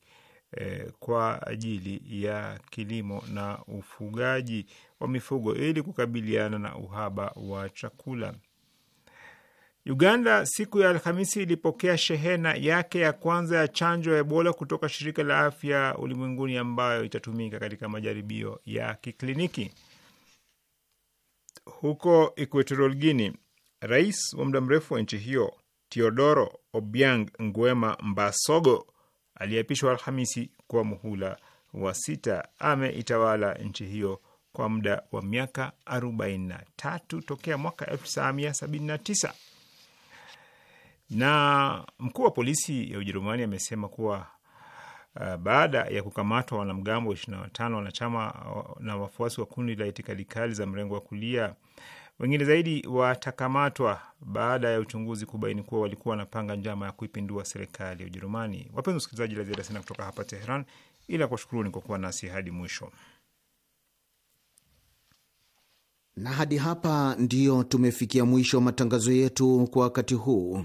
e, kwa ajili ya kilimo na ufugaji wa mifugo ili kukabiliana na uhaba wa chakula. Uganda siku ya Alhamisi ilipokea shehena yake ya kwanza ya chanjo ya Ebola kutoka shirika la afya ulimwenguni ambayo itatumika katika majaribio ya kikliniki. Huko Equatorial Guinea, rais wa muda mrefu wa nchi hiyo Teodoro Obiang Nguema Mbasogo aliyeapishwa Alhamisi kwa muhula wa sita ameitawala nchi hiyo kwa muda wa miaka 43 tokea mwaka 1979. Na mkuu wa polisi ya Ujerumani amesema kuwa uh, baada ya kukamatwa wanamgambo 25 wanachama na wafuasi wa kundi la itikadi kali za mrengo wa kulia, wengine zaidi watakamatwa baada ya uchunguzi kubaini kuwa walikuwa wanapanga njama ya kuipindua serikali ya Ujerumani. Wapenzi wasikilizaji, la ziada sina kutoka hapa Teheran, ila kuwashukuruni kwa kuwa nasi hadi mwisho na hadi hapa ndiyo tumefikia mwisho wa matangazo yetu kwa wakati huu.